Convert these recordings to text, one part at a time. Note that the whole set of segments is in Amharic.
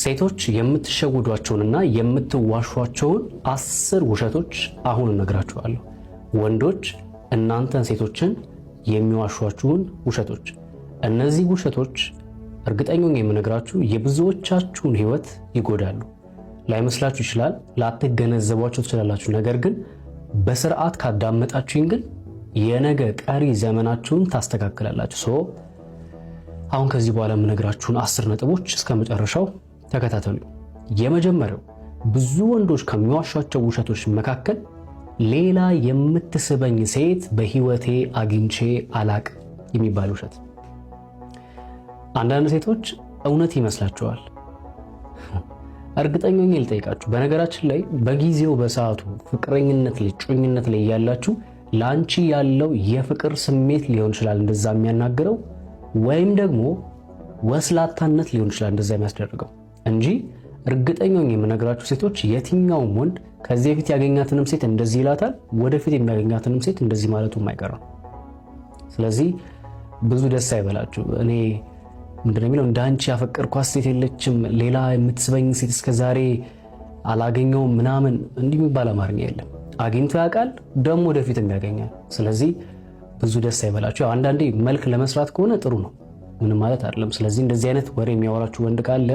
ሴቶች የምትሸውዷቸውንና የምትዋሿቸውን አስር ውሸቶች አሁን እነግራችኋለሁ። ወንዶች እናንተን ሴቶችን የሚዋሿችሁን ውሸቶች። እነዚህ ውሸቶች እርግጠኛ የምነግራችሁ የብዙዎቻችሁን ሕይወት ይጎዳሉ። ላይመስላችሁ ይችላል፣ ላትገነዘቧቸው ትችላላችሁ። ነገር ግን በስርዓት ካዳመጣችሁኝ ግን የነገ ቀሪ ዘመናችሁን ታስተካክላላችሁ። አሁን ከዚህ በኋላ የምነግራችሁን አስር ነጥቦች እስከ መጨረሻው ተከታተሉ። የመጀመሪያው ብዙ ወንዶች ከሚዋሿቸው ውሸቶች መካከል ሌላ የምትስበኝ ሴት በህይወቴ አግኝቼ አላቅ የሚባል ውሸት። አንዳንድ ሴቶች እውነት ይመስላቸዋል። እርግጠኛ ነኝ ልጠይቃችሁ። በነገራችን ላይ በጊዜው በሰዓቱ ፍቅረኝነት ላይ ጩኝነት ላይ እያላችሁ ለአንቺ ያለው የፍቅር ስሜት ሊሆን ይችላል እንደዛ የሚያናግረው፣ ወይም ደግሞ ወስላታነት ሊሆን ይችላል እንደዛ የሚያስደርገው እንጂ እርግጠኛ የምነግራችሁ ሴቶች የትኛውም ወንድ ከዚህ በፊት ያገኛትንም ሴት እንደዚህ ይላታል፣ ወደፊት የሚያገኛትንም ሴት እንደዚህ ማለቱ አይቀርም። ስለዚህ ብዙ ደስ አይበላችሁ። እኔ ምንድነው የሚለው እንደ አንቺ ያፈቀርኳት ሴት የለችም፣ ሌላ የምትስበኝ ሴት እስከዛሬ አላገኘውም ምናምን እንዲህ የሚባል አማርኛ የለም። አግኝቶ ያውቃል፣ ደግሞ ወደፊትም ያገኛል። ስለዚህ ብዙ ደስ አይበላችሁ። አንዳንዴ መልክ ለመስራት ከሆነ ጥሩ ነው፣ ምንም ማለት አይደለም። ስለዚህ እንደዚህ አይነት ወሬ የሚያወራችሁ ወንድ ካለ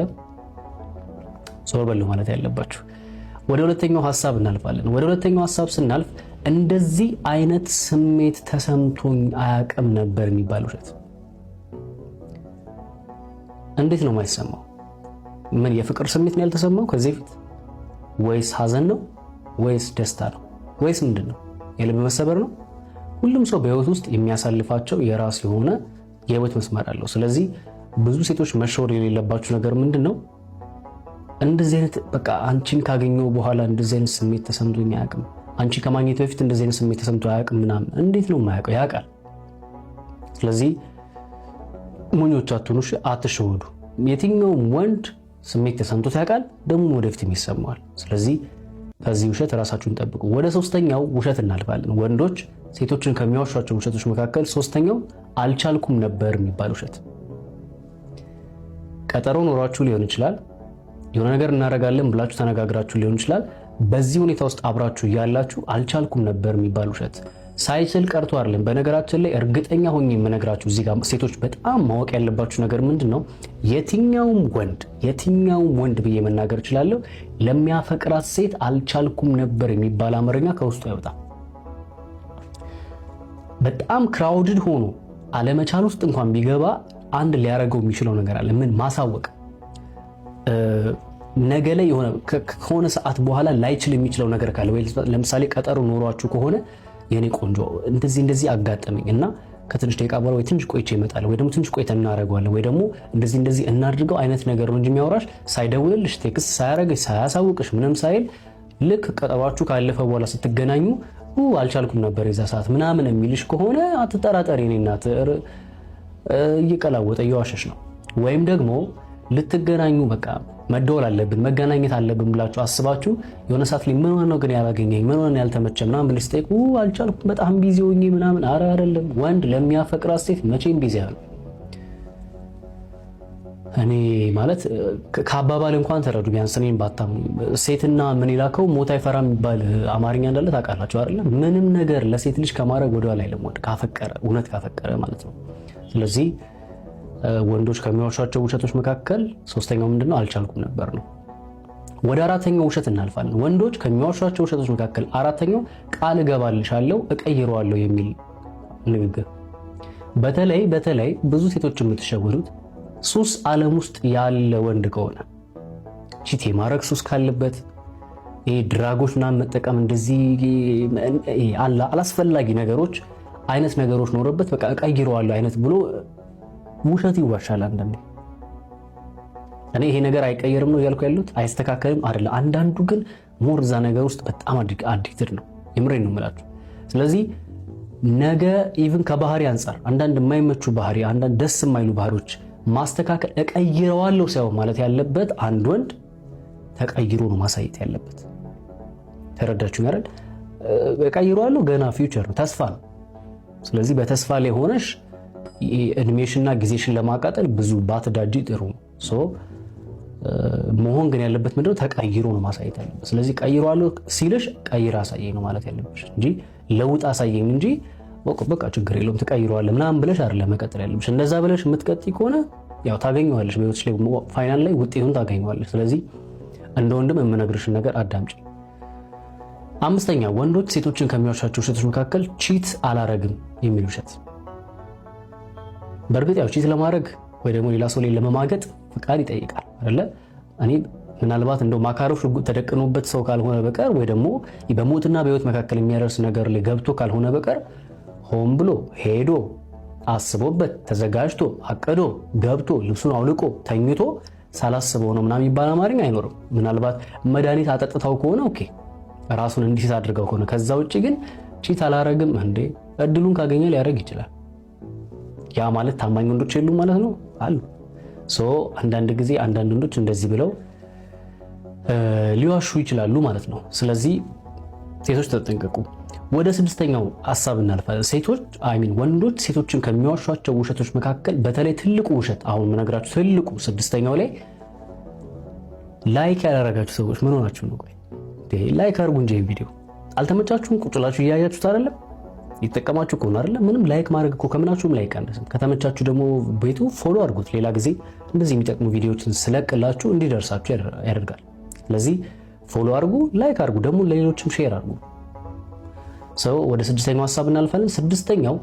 ዞር በሉ ማለት ያለባችሁ። ወደ ሁለተኛው ሀሳብ እናልፋለን። ወደ ሁለተኛው ሀሳብ ስናልፍ እንደዚህ አይነት ስሜት ተሰምቶኝ አያቅም ነበር የሚባል ውሸት። እንዴት ነው የማይሰማው? ምን የፍቅር ስሜት ነው ያልተሰማው ከዚህ ፊት? ወይስ ሀዘን ነው ወይስ ደስታ ነው ወይስ ምንድን ነው? የልብ መሰበር ነው? ሁሉም ሰው በህይወት ውስጥ የሚያሳልፋቸው የራስ የሆነ የህይወት መስመር አለው። ስለዚህ ብዙ ሴቶች መሸወር የሌለባችሁ ነገር ምንድን ነው እንደዚህ አይነት በቃ አንቺን ካገኘው በኋላ እንደዚህ አይነት ስሜት ተሰምቶኝ አያውቅም። አንቺ ከማግኘት በፊት እንደዚህ አይነት ስሜት ተሰምቶ አያውቅም ምናምን። እንዴት ነው የማያውቀው? ያውቃል። ስለዚህ ሞኞች አትሆኑ፣ አትሸወዱ። የትኛውም ወንድ ስሜት ተሰምቶት ያውቃል፣ ደግሞ ወደፊት ይሰማዋል። ስለዚህ ከዚህ ውሸት ራሳችሁን ጠብቁ። ወደ ሶስተኛው ውሸት እናልፋለን። ወንዶች ሴቶችን ከሚዋሿቸው ውሸቶች መካከል ሶስተኛው አልቻልኩም ነበር የሚባል ውሸት። ቀጠሮ ኖሯችሁ ሊሆን ይችላል የሆነ ነገር እናደርጋለን ብላችሁ ተነጋግራችሁ ሊሆን ይችላል። በዚህ ሁኔታ ውስጥ አብራችሁ ያላችሁ አልቻልኩም ነበር የሚባል ውሸት ሳይችል ቀርቶ አይደለም። በነገራችን ላይ እርግጠኛ ሆኜ የምነግራችሁ እዚህ ጋር ሴቶች በጣም ማወቅ ያለባችሁ ነገር ምንድን ነው፣ የትኛውም ወንድ የትኛውም ወንድ ብዬ መናገር እችላለሁ፣ ለሚያፈቅራት ሴት አልቻልኩም ነበር የሚባል አማርኛ ከውስጡ አይወጣም። በጣም ክራውድድ ሆኖ አለመቻል ውስጥ እንኳን ቢገባ አንድ ሊያደርገው የሚችለው ነገር አለ። ምን ማሳወቅ ነገ ላይ ከሆነ ሰዓት በኋላ ላይችል የሚችለው ነገር ካለ ወይ ለምሳሌ ቀጠሮ ኖሯችሁ ከሆነ የኔ ቆንጆ እንደዚህ እንደዚህ አጋጠመኝ እና ከትንሽ ደቂቃ በኋላ ወይ ትንሽ ቆይቼ እመጣለሁ ወይ ደግሞ ትንሽ ቆይተ እናደርገዋለን ወይ ደግሞ እንደዚህ እንደዚህ እናድርገው አይነት ነገር ነው እንጂ የሚያወራሽ ሳይደውልልሽ፣ ቴክስት ሳያረግሽ፣ ሳያሳውቅሽ ምንም ሳይል ልክ ቀጠሯችሁ ካለፈ በኋላ ስትገናኙ አልቻልኩም ነበር የዛ ሰዓት ምናምን የሚልሽ ከሆነ አትጠራጠሪ፣ እኔ እናት እየቀላወጠ እየዋሸሽ ነው ወይም ደግሞ ልትገናኙ በቃ መደወል አለብን መገናኘት አለብን ብላችሁ አስባችሁ የሆነ ሰዓት ላይ ምን ሆነው ግን ያላገኘኝ ምን ሆነ ያልተመቸ ምናምን ብለሽ ስጠይቅ አልቻልኩም፣ በጣም ቢዚ ሆኜ ምናምን። አረ አይደለም፣ ወንድ ለሚያፈቅር ሴት መቼም ቢዚ አሉ እኔ ማለት ከአባባል እንኳን ተረዱ። ቢያንስ እኔም ባታም ሴትና ምን ይላከው ሞት አይፈራ የሚባል አማርኛ እንዳለ ታውቃላችሁ አለ ምንም ነገር ለሴት ልጅ ከማድረግ ወደኋላ አይልም ወንድ ካፈቀረ፣ እውነት ካፈቀረ ማለት ነው። ስለዚህ ወንዶች ከሚዋሿቸው ውሸቶች መካከል ሶስተኛው ምንድነው? አልቻልኩም ነበር ነው። ወደ አራተኛው ውሸት እናልፋለን። ወንዶች ከሚዋሿቸው ውሸቶች መካከል አራተኛው ቃል እገባልሻለሁ፣ እቀይረዋለሁ የሚል ንግግር። በተለይ በተለይ ብዙ ሴቶች የምትሸወዱት ሱስ ዓለም ውስጥ ያለ ወንድ ከሆነ ቺቴ የማድረግ ሱስ ካለበት ይሄ ድራጎች ምናምን መጠቀም እንደዚህ አላስፈላጊ ነገሮች አይነት ነገሮች ኖረበት በቃ እቀይረዋለሁ አይነት ብሎ ውሸት ይዋሻል አንዳንዴ። እኔ ይሄ ነገር አይቀየርም ነው እያልኩ ያሉት አይስተካከልም አይደለ። አንዳንዱ ግን ሞር እዛ ነገር ውስጥ በጣም አዲክትድ ነው። የምሬን ነው የምላችሁ። ስለዚህ ነገ ኢቭን ከባህሪ አንጻር አንዳንድ የማይመቹ ባህሪ፣ አንዳንድ ደስ የማይሉ ባህሪዎች ማስተካከል እቀይረዋለሁ ሳይሆን ማለት ያለበት አንድ ወንድ ተቀይሮ ነው ማሳየት ያለበት። ተረዳችሁ አይደል? እቀይረዋለሁ ገና ፊውቸር ነው ተስፋ ነው። ስለዚህ በተስፋ ላይ ሆነሽ እድሜሽና ጊዜሽን ለማቃጠል ብዙ ባትዳጅ ጥሩ መሆን ግን ያለበት ምንድነው? ተቀይሮ ነው ማሳየት ያለበት። ስለዚህ ቀይሯለሁ ሲልሽ ቀይር አሳየኝ ነው ማለት ያለብሽ እንጂ ለውጥ አሳየኝ እንጂ በቃ ችግር የለውም ትቀይረዋለህ ምናምን ብለሽ አይደለም መቀጠል ያለብሽ። እንደዛ ብለሽ የምትቀጥይ ከሆነ ያው ታገኘዋለሽ፣ በህይወትሽ ላይ ፋይናል ላይ ውጤቱን ታገኘዋለሽ። ስለዚህ እንደ ወንድም የምነግርሽን ነገር አዳምጪ። አምስተኛ ወንዶች ሴቶችን ከሚዋሻቸው ውሸቶች መካከል ቺት አላረግም የሚል ውሸት በእርግጥ ያው ቺት ለማድረግ ወይ ደግሞ ሌላ ሰው ላይ ለመማገጥ ፍቃድ ይጠይቃል አይደለ? እኔ ምናልባት እንደው ማካሮፍ ተደቅኖበት ሰው ካልሆነ በቀር ወይ ደግሞ በሞትና በህይወት መካከል የሚያደርስ ነገር ላይ ገብቶ ካልሆነ በቀር ሆን ብሎ ሄዶ አስቦበት ተዘጋጅቶ አቅዶ ገብቶ ልብሱን አውልቆ ተኝቶ ሳላስበው ነው ምናምን የሚባል አማርኛ አይኖርም። ምናልባት መድኃኒት አጠጥታው ከሆነ ኦኬ፣ ራሱን እንዲህ አድርገው ከሆነ ከዛ ውጭ ግን ቺት አላረግም እንዴ እድሉን ካገኘ ሊያደርግ ይችላል። ያ ማለት ታማኝ ወንዶች የሉ ማለት ነው አሉ። አንዳንድ ጊዜ አንዳንድ ወንዶች እንደዚህ ብለው ሊዋሹ ይችላሉ ማለት ነው። ስለዚህ ሴቶች ተጠንቀቁ። ወደ ስድስተኛው ሀሳብ እናልፋለን። ሴቶች ወንዶች ሴቶችን ከሚዋሿቸው ውሸቶች መካከል በተለይ ትልቁ ውሸት አሁን የምነግራችሁ ትልቁ ስድስተኛው ላይ ላይክ ያላረጋችሁ ሰዎች ምን ሆናችሁ ነው? ላይክ አድርጉ እንጂ ቪዲዮ አልተመቻችሁም? ቁጭላችሁ እያያችሁት አይደለም? ይጠቀማችሁ ከሆነ አይደለ ምንም ላይክ ማድረግ እኮ ከምናችሁም ላይ ቀንስም። ከተመቻችሁ ደግሞ ቤቱ ፎሎ አድርጉት። ሌላ ጊዜ እንደዚህ የሚጠቅሙ ቪዲዮዎችን ስለቅላችሁ እንዲደርሳችሁ ያደርጋል። ስለዚህ ፎሎ አድርጉ፣ ላይክ አድርጉ፣ ደግሞ ለሌሎችም ሼር አድርጉ። ሰው ወደ ስድስተኛው ሀሳብ እናልፋለን። ስድስተኛው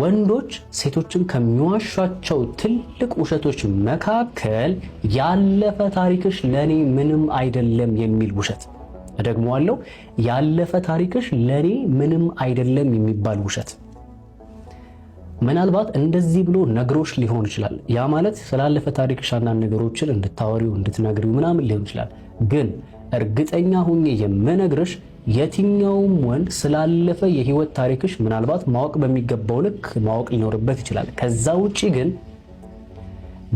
ወንዶች ሴቶችን ከሚዋሻቸው ትልቅ ውሸቶች መካከል ያለፈ ታሪክሽ ለእኔ ምንም አይደለም የሚል ውሸት እደግመዋለሁ። ያለፈ ታሪክሽ ለእኔ ምንም አይደለም የሚባል ውሸት። ምናልባት እንደዚህ ብሎ ነግሮች ሊሆን ይችላል። ያ ማለት ስላለፈ ታሪክሽ አንዳንድ ነገሮችን እንድታወሪው እንድትነግሪው ምናምን ሊሆን ይችላል። ግን እርግጠኛ ሁኜ የምነግርሽ የትኛውም ወንድ ስላለፈ የህይወት ታሪክሽ ምናልባት ማወቅ በሚገባው ልክ ማወቅ ሊኖርበት ይችላል። ከዛ ውጭ ግን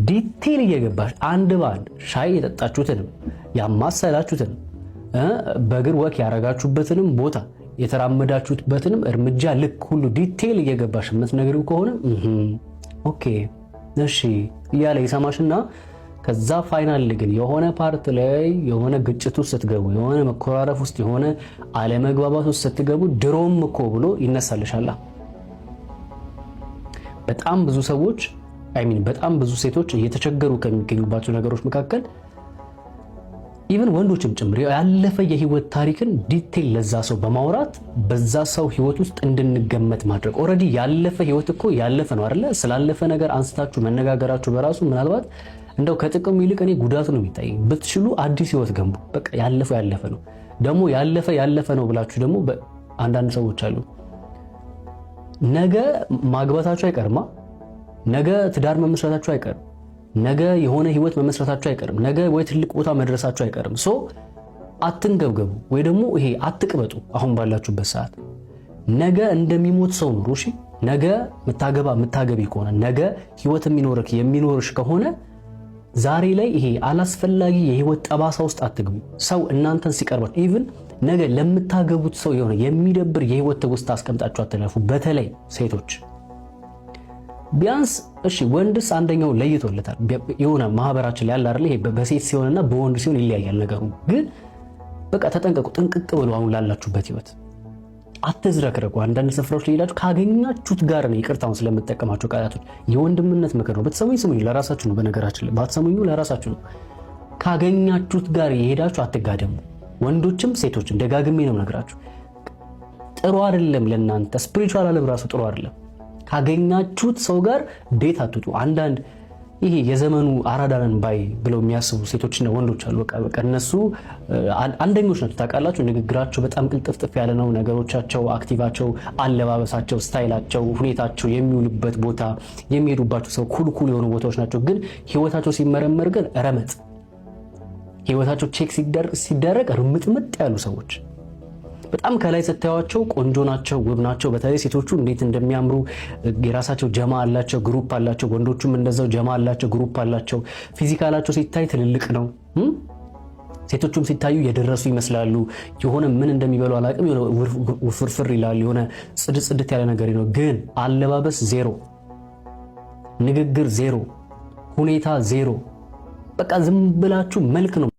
ዲቴል እየገባሽ አንድ በአንድ ሻይ የጠጣችሁትንም ያማሰላችሁትንም በእግር ወክ ያረጋችሁበትንም ቦታ የተራመዳችሁበትንም እርምጃ ልክ ሁሉ ዲቴይል እየገባሽ የምትነግሪው ከሆነ ኦኬ እሺ እያለ ይሰማሽና ከዛ ፋይናል ግን የሆነ ፓርት ላይ የሆነ ግጭት ውስጥ ስትገቡ፣ የሆነ መኮራረፍ ውስጥ፣ የሆነ አለመግባባት ውስጥ ስትገቡ ድሮም እኮ ብሎ ይነሳልሻላ። በጣም ብዙ ሰዎች አይ ሚን በጣም ብዙ ሴቶች እየተቸገሩ ከሚገኙባቸው ነገሮች መካከል ኢቨን ወንዶችም ጭምር ያለፈ የህይወት ታሪክን ዲቴል ለዛ ሰው በማውራት በዛ ሰው ህይወት ውስጥ እንድንገመት ማድረግ። ኦልሬዲ ያለፈ ህይወት እኮ ያለፈ ነው አይደለ? ስላለፈ ነገር አንስታችሁ መነጋገራችሁ በራሱ ምናልባት እንደው ከጥቅሙ ይልቅ እኔ ጉዳቱ ነው የሚታይ። ብትችሉ አዲስ ህይወት ገንቡ። በቃ ያለፈ ያለፈ ነው። ደግሞ ያለፈ ያለፈ ነው ብላችሁ ደግሞ አንዳንድ ሰዎች አሉ፣ ነገ ማግባታችሁ አይቀርማ፣ ነገ ትዳር መመስረታችሁ አይቀርም ነገ የሆነ ህይወት መመስረታቸው አይቀርም። ነገ ወይ ትልቅ ቦታ መድረሳቸው አይቀርም። ሶ አትንገብገቡ፣ ወይ ደግሞ ይሄ አትቅበጡ። አሁን ባላችሁበት ሰዓት ነገ እንደሚሞት ሰው ኑሩ። እሺ ነገ ምታገባ ምታገቢ ከሆነ ነገ ህይወት የሚኖርክ የሚኖርሽ ከሆነ ዛሬ ላይ ይሄ አላስፈላጊ የህይወት ጠባሳ ውስጥ አትግቡ። ሰው እናንተን ሲቀርባችሁ ኢቭን ነገ ለምታገቡት ሰው የሆነ የሚደብር የህይወት ትውስታ አስቀምጣችሁ አትለፉ። በተለይ ሴቶች ቢያንስ እሺ ወንድስ አንደኛው ለይቶለታል። የሆነ ማህበራችን ላይ ያለ አይደል በሴት ሲሆንና በወንድ ሲሆን ይለያያል ነገሩ። ግን በቃ ተጠንቀቁ፣ ጥንቅቅ ብሎ አሁን ላላችሁበት ህይወት አትዝረክረቁ። አንዳንድ ስፍራዎች ላይ ሄዳችሁ ካገኛችሁት ጋር ነው። ይቅርታውን ስለምጠቀማቸው ቃላቶች የወንድምነት ምክር ነው። ብትሰሙኝ ስሙኝ፣ ለራሳችሁ ነው። በነገራችን ላይ ባትሰሙኝ ለራሳችሁ ነው። ካገኛችሁት ጋር የሄዳችሁ አትጋደሙ። ወንዶችም ሴቶችም ደጋግሜ ነው ነግራችሁ። ጥሩ አይደለም ለእናንተ ስፕሪቹዋል አለም ራሱ ጥሩ አይደለም። ካገኛችሁት ሰው ጋር ዴት አትጡ። አንዳንድ ይሄ የዘመኑ አራዳ ባይ ብለው የሚያስቡ ሴቶችና ወንዶች አሉ። በቃ እነሱ አንደኞች ናቸው። ታውቃላችሁ፣ ንግግራቸው በጣም ቅልጥፍጥፍ ያለ ነው። ነገሮቻቸው፣ አክቲቫቸው፣ አለባበሳቸው፣ ስታይላቸው፣ ሁኔታቸው፣ የሚውሉበት ቦታ፣ የሚሄዱባቸው ሰው ኩልኩል የሆኑ ቦታዎች ናቸው። ግን ህይወታቸው ሲመረመር ግን ረመጥ ህይወታቸው ቼክ ሲደረግ ርምጥምጥ ያሉ ሰዎች በጣም ከላይ ስታያቸው ቆንጆ ናቸው፣ ውብ ናቸው። በተለይ ሴቶቹ እንዴት እንደሚያምሩ የራሳቸው ጀማ አላቸው፣ ግሩፕ አላቸው። ወንዶቹም እንደዛው ጀማ አላቸው፣ ግሩፕ አላቸው። ፊዚካላቸው ሲታይ ትልልቅ ነው። ሴቶቹም ሲታዩ የደረሱ ይመስላሉ። የሆነ ምን እንደሚበሉ አላቅም። የሆነ ውፍርፍር ይላል፣ የሆነ ጽድጽድት ያለ ነገር ነው። ግን አለባበስ ዜሮ፣ ንግግር ዜሮ፣ ሁኔታ ዜሮ። በቃ ዝም ብላችሁ መልክ ነው